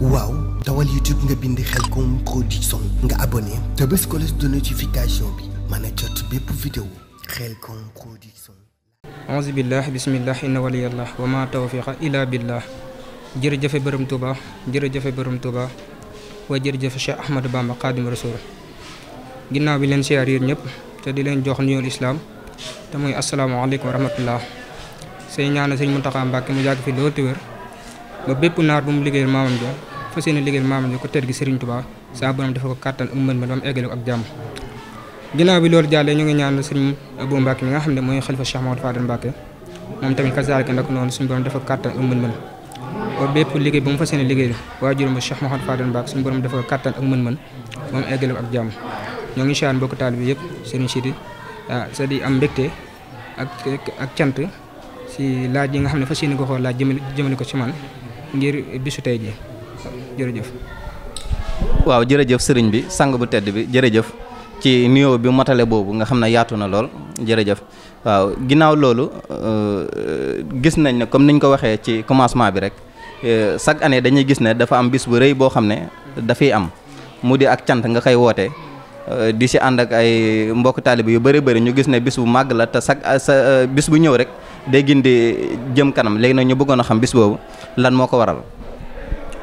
waaw dawal youtube nga bindi bind Khelcom Production nga abonné te bés cloche de notification bi mané a jot bép vidéo xel Khelcom Production auzu billah bismillah inna wali Allah wa ma tawfiq ila billah jere jërëjëfe borom jere jërëjëfe borom touba wa jere jërëjëfe Cheikh Ahmadou Bamba qadim rasoul ginnaaw bi len siyaar yéen ñep te di len jox nuyul islaam te moy assalamu alaykum wa rahmatullah sey ñaan sëñ muntaka Mbàkke mu jagg fi do teur ba bépp naar bu mu liggéeyal maamam ja fas yéene liggéeyal maam ñu ko tër gi Serigne Touba saa borom dafa ko kàttan ak mën mën ba mu eggale ko bi loolu jàllee ñu ngi ñaan Serigne Abou Mbacke mi nga xam ne mooy xalifa Cheikh Mamadou Fadel Mbacke moom tamit kasaalika nag noonu suñu borom dafa kàttan ak mën mën ba bépp liggéey ba mu fas yéene liggéeyal waajuram ba Cheikh Mamadou Fadel Mbacke suñu borom dafa ko ak mën mën ba mu eggale ko jàmm ñoo ngi siyaar mbokk taal bi yëpp Serigne Sidi ah, sa di am mbégte ak ak cant si laaj yi nga xam ne fas yéene ko xool laaj jëmale ko ci man ngir bisu tey ji jërëjëf. waaw jërëjëf sëriñ bi sang bu tedd bi jërëjëf ci nuyoo bi motale boobu nga xam ne yaatu na lool jërëjëf waaw ginnaaw loolu euh, gis nañ ne comme niñ ko waxee ci commencement bi rek euh, chaque année dañuy gis ne dafa am bis bu rëy boo xam ne dafiy am mu di ak cant nga koy woote. Euh, di si ànd ak ay mbokk taalibe yu bëri bari ñu gis ne bis bu màgg la te sax sa bis bu ñëw rek day gindi jëm kanam léegi nag ñu bëggoon a xam bis boobu lan moo ko waral.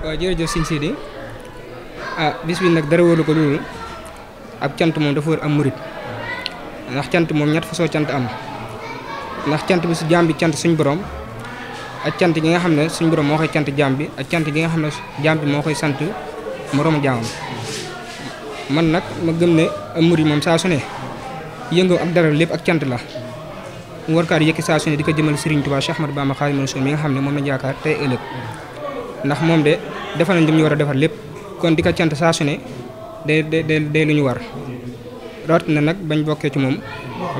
waaw jërëjëf sëñ Sidi ah bis bi nag dara wóolu ko loolu ab cant moom dafa war am murit ndax cant moom ñett fa cant am ndax cant bi su jaam bi cant suñ borom ak cant nga xam ne suñ borom moo koy cant jaam bi ak cant gi nga xam ne jaam bi moo koy sant moroom jaamam man nag ma gëm ne am murit moom saa su ne yëngoo ak dara lépp ak cant la mu war kaa di yëkki saa su ne di ko jëmal Serigne Touba Cheikh Ahmadou Bamba Khadimu mi nga xam ne moom na yaakaar tey ëllëg ndax moom de defar nañ li ñu war a defar lépp kon di ko cant saa su ne day day day lu ñu war rawat na nag bañ bokkee ci moom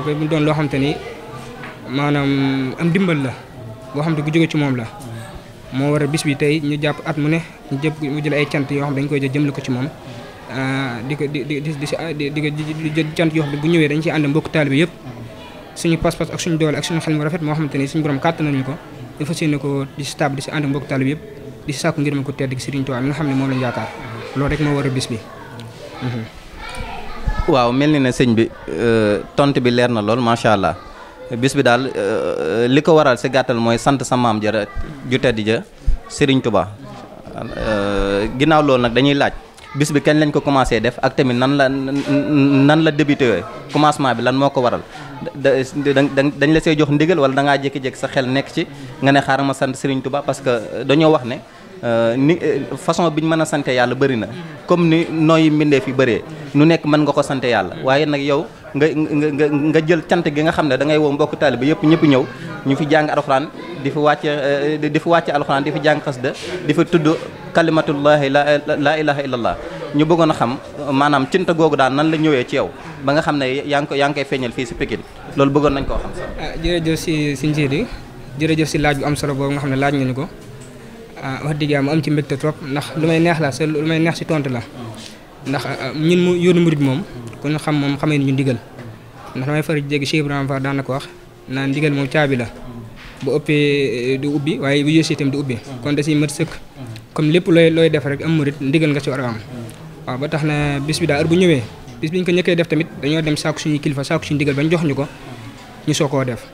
bu doon loo xam ni maanaam am dimbal la boo xam te gu jóge ci moom la moo war a bis bi tey ñu jàpp at mu ne ñu jëpp mu cant yoo xam koy jël ko ci moom ah, di ko di di di si di di cant yoo xam yëpp suñu pas-pas ak suñu doole ak suñu xel mu rafet moo xamante ni suñu borom kàttan nañu ko dafa séen ko di si taab di si ànd mbokk taalibe yëpp di si sàkku ngërëm ko tedd gi Serigne Touba mi nga xam ne moom lañ yaakaar loolu rek moo war a bis bi. Mhm. waaw mel ni na sëñ bi euh, tont bi leer na lool macha allah bis bi daal euh, euh, li ko waral si gàttal mooy sant sa maam ja ju tedd ja Serigne Touba ginnaaw loolu nag dañuy laaj. bis bi kañ lañ ko commencé def ak tamit nan la nan la débuté commencement bi lan moo ko waral dañ la see jox ndigal wala da ngaa jékki-jékki sa xel nekk ci nga ne xaaral ma sant Serigne Touba parce que dañoo wax ne euh, ni euh, façon bi ñu mën a sante yàlla bëri na comme ni nooy mbindeef yi bëree nu nekk mën nga ko sante yàlla waaye nag yow nga nga nga jël cant gi nga xam ne da ngay woo mbokk taalibe yëpp ñëpp ñëw ñu fi jàng alxuraan di fi wàcce euh, di fi wàcce alxuraan di fi jàng xasida di fi tudd kalimatullahi la ilaha illallah ñu bëggoon a xam maanaam cinta googu daal nan la ñëwee ci yow ba nga xam ne yaa ngi ko yaa koy feeñal fii si Pikine loolu bëggoon nañ koo xam sax. Ah, jërëjëf si si Ndiédi jërëjëf si laaj bu am solo boobu nga xam ne laaj nga ñu ko ah, wax dëgg yàlla am ci mbégte trop ndax lu may neex la c'est lu may si tontu la ndax ah, ñun mu yoonu murid moom ku ñu xam moom xamee ñu ndigal ndax damay faral di jéggi Cheikh Ibrahima Fall na ko wax naan ndigal moom caabi la bu ëppee eh, du ubbi waaye bu yësee itam du ubbi kon da siy mët sëkk kon lépp looy looy def rek am murid ndigal nga ci war a waaw ba tax na bis bi daa heure bu ñëwee bis bi ñu ko ñëkkee def tamit dañoo dem saaku suñu kilifa saaku suñu digal bañ jox ñu ko ñu soo koo def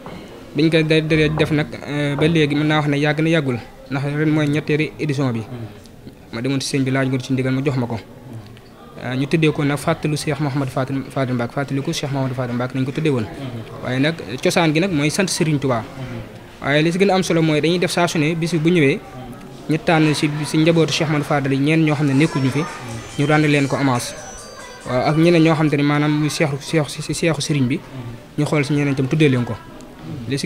biñ ko dee def nag ba léegi mën naa wax ne yàgg na yàggul ndax ren mooy ñetteeri édition bi ma demoon si sëñ bi laaj ngoon ci digal ma jox ma ko ñu tëddee ko nag fàttalu Cheikh Mouhamadou Fatou Fatou Mbacké fàttaliku Cheikh Mohamed Fatou Mbacké nañ ko tëddee woon waaye nag cosaan gi nag mooy sant Serigne Touba waaye li si gën a am solo mooy dañuy def saa su ne bis bu ñëwee ñu tànn si si njabootu Cheikh Mohamed Fatou ñeen ñoo xam ne nekkuñu fi ñu daan leen ko amaas waaw ak ñeneen ñoo xam te ne maanaam muy seexu seexu seexu sëriñ bi ñu xool si ñeneen itam tuddee leen ko li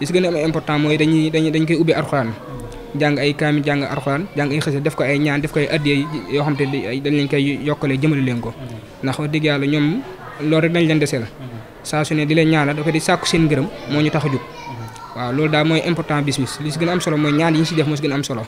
si gën a important mooy dañuy dañ koy ubbi arxuraan jàng ay kaami jàng arxuraan jàng ay xëse def ko ay ñaan def ko ay addiya yoo xam dañ koy yokkalee jëmale leen ko ndax wax ñoom loolu rek dañ leen deseel saa su di leen ñaanal dafa di sàkku seen ngërëm moo ñu tax a waaw loolu daal mooy important bis bi li si gën a am solo mooy ñaan yi ñu si def moo si gën a am solo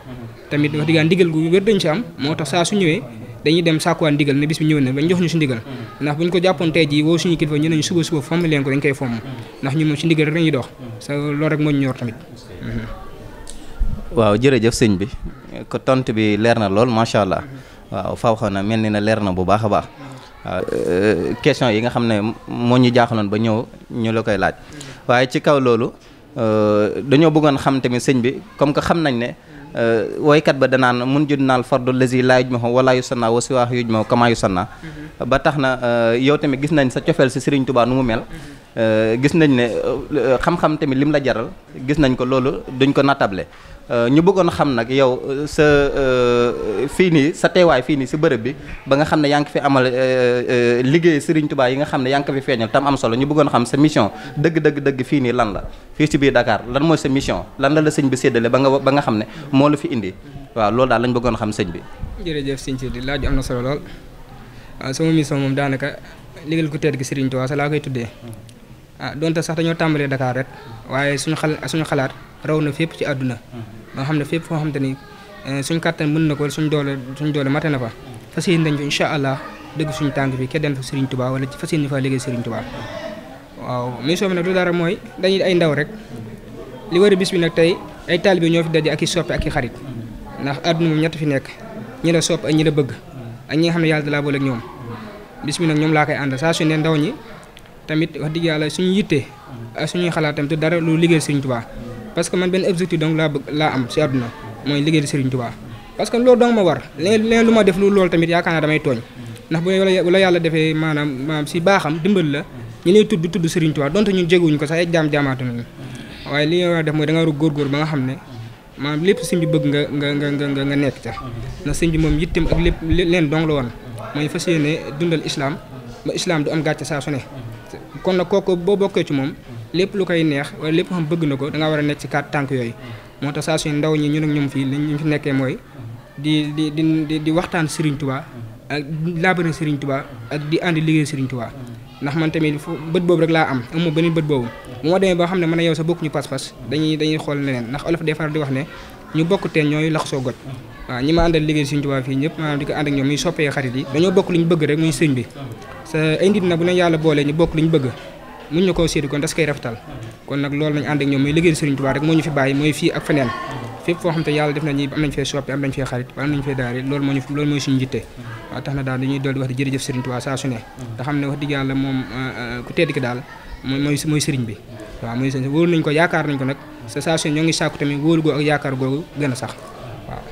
tamit wax dëgg ndigal gu wér dañ si am moo tax saa su ñëwee dañuy dem sàkkuwaat ndigal ne bis bi ñëw na jox ñu si ndigal ndax buñ ko jàppoon tey jii woo suñu kilifa ñu neñu suba suba fomm leen ko dañ koy fomm ndax ñu moom si ndigal rek dañuy dox sa loolu rek moo ñu ñor tamit mhm. waaw jërëjëf sëñ bi ko tont bi leer na lool macha allah waaw faaw na mel ni na leer na bu baax a baax waaw euh, question yi nga xam ne moo ñu jaaxaloon ba ñëw ñu la koy laaj Euh, dañoo bëggoon xam tamit sëñ bi comme que xam nañ ne euh, woykat ba danaan mun jud naal fardu lazi laa yuj ma xo walaa yu sanna wa siwaax yuj ma yu sanna ba tax na euh, yow tamit gis nañ sa cofeel si Sëriñ Tuubaa nu mu mel mhm. gis nañ ne xam-xam tamit lim la jaral gis nañ ko loolu duñ ko natable Euh, ñu bëggoon xam nag yow euh, sa euh, fii nii sa teewaay fii nii si bërëb bi ba nga xam ne yaa ngi fi amal liggéey Serigne Touba yi nga xam ne yaa ngi ko fi feeñal tam am solo ñu bëggoon xam sa mission dëgg dëgg fii nii lan la fii si biir Dakar lan mooy sa mission lan la la sëñ séddale ba nga ba nga xam ne moo la fi indi waaw loolu daal lañ bëggoon xam sëñ bi. jërëjëf sëñ Sidi laaj am na solo lool ah, sama mission moom daanaka liggéeyal ku tedd gi Serigne Touba sa laa koy tuddee ah, donte sax dañoo tàmbalee Dakar rek waaye suñu xal suñu xalaat raw na fépp ci àdduna moo xam ne fépp foo xam te ni eh, suñ kàttan mën na ko suñ doolee suñ doole mate na fa fas yéene nañ fa incha allah dëgg suñu tànk bi keddeen fa Serigne tubaa wala fas yéene fa liggéey Serigne Touba waaw mission bi nag du dara mooy dañuy ay ndaw rek li bis bi nag tey ay taalibe ñoo fi daje ak i soppe ak i xarit ndax àdduna moom ñett fi nekk ñi la sopp ñi la bëgg ñi nga xam ne yàlla da laa boole ak ñoom bis bi ñoom laa koy àndal saa ne ndaw ñi tamit wax dëgg yàlla suñu yittee suñuy xalaat tamit du dara lu parce que man benn objectif donc laa bëgg laa am si àdduna mooy liggéey di Serigne Touba parce que loolu dong ma war leneen lu ma def lu loolu tamit yaakaar naa damay tooñ ndax bu la yàlla defee maanaam maanaam si baaxam dimbal la ñu lay tudd tudd Serigne Touba donte ñun jegewuñu ko sax ay jaam jaamaatu nañu waaye li ñu war a def mooy da nga war a ba nga xam ne maanaam lépp sëñ bi bëgg nga nga nga nga nga nekk ca ndax sëñ bi moom yittem ak lépp leen dong la woon mooy fas yéene dundal islam ba islam du am gàcce lépp lu koy neex wala lépp xam bëgg na ko da nga war a nekk ci quatre tànk yooyu moo tax saa suñ ndaw ñi ñun ñoom fii li ñu fi nekkee mooy di di di di waxtaan Serigne Touba ak laabara Serigne Touba ak di àndi liggéey Serigne Touba ndax man tamit fo bët boobu rek laa am amoo beneen bët boobu bu ma demee ba xam ne man a yow sa bokk ñu pas-pas dañuy dañuy xool leneen ndax olof day faral di wax ne ñu bokk teen ñooy lax soo goj waaw ñi ma àndal liggéey Serigne Touba fii ñëpp maanaam di ko ànd ak ñoom muy soppee xarit yi bokk li ñu bëgg rek muñ ñu koo séddu kon das koy rafetal kon nag loolu lañ ànd ak ñoom mooy liggéey Serigne Touba rek moo ñu fi bàyyi mooy fii ak feneen fépp foo xam te yàlla def na loolu moo ñu loolu mooy suñu njitte waaw na daal dañuy dool di wax di ne te xam ne wax dëgg euh, euh, mooy mooy Serigne bi waaw mooy Serigne wóolu nañ ko yaakaar nañ ko nag sa saa su ñoo ngi sàkku tamit wóolu goo ak yaakaar googu gën a sax waaw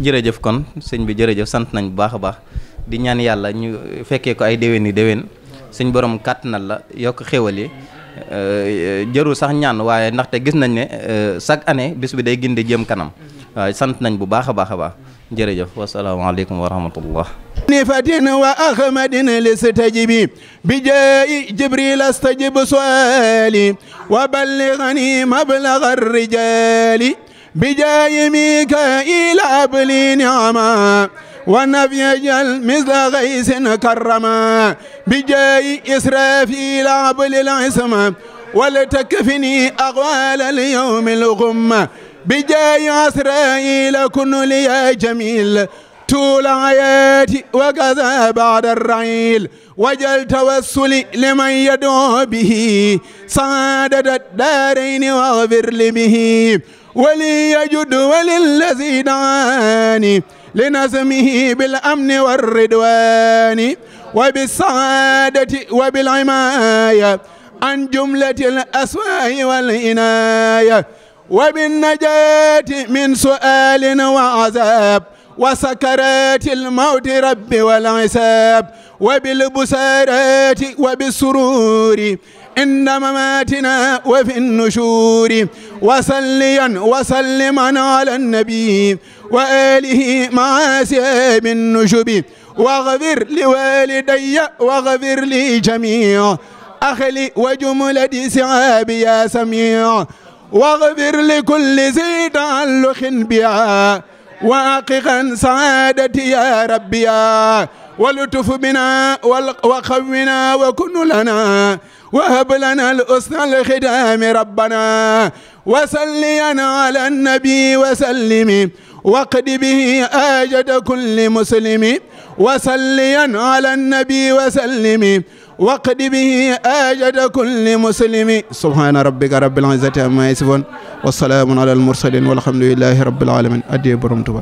jërëjëf kon sëñ bi jërëjëf sant nañ bu baax a baax di ñaan yàlla ñu fekkee ko ay déwén yi déwén suñ borom katnal la yok xewali yi jëru sax ñaan waaye ndaxte gis nañ ne chaque année bis bi day gindi jëm kanam sant nañ bu baax a baax jërëjëf wa rahmatullah nifatin wa ahmadin listajibi bi jaayi jibril astajib suali wa ballighani mablagha arrijali bi jaayi mikaila abli ونبي جل مثل غيس كرما بجاي إسرافيل عبل العصمة ولتكفني أغوال اليوم الغمة بجاي إسرائيل كن لي جميل طول عياتي وكذا بعد الرعيل وجل توسلي لمن يدعو به سعادة الدارين واغفر لي به ولي يجد وللذي دعاني لنزمه بالأمن والردوان وبالسعادة وبالعماية عن جملة الاسواه والإناية وبالنجاة من سؤال وعذاب وسكرات الموت رب والعساب وبالبسارات وبالسرور عند مماتنا وفي النشور وصليا وسلما على النبي وآله مع سياب النشب واغفر لوالدي واغفر لي جميع أخلي وجملة سعاب يا سميع واغفر لكل ذي تعلق بها وأققا سعادتي يا ربي يا ولطف بنا وقونا وكن لنا وهب لنا الأسنى الخدام ربنا وسلينا على النبي وسلم وقد به آجد كل مسلم وسلينا على النبي وسلم وقد به آجد كل مسلم سبحان ربك رب العزة عما يصفون والسلام على المرسلين والحمد لله رب العالمين أدي برمتوا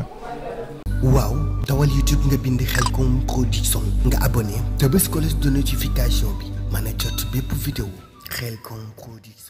واو dawal YouTube nga bind Khelcom Production nga abonné te bés cloche ci notification bi mën a jot bépp vidéo Khelcom Production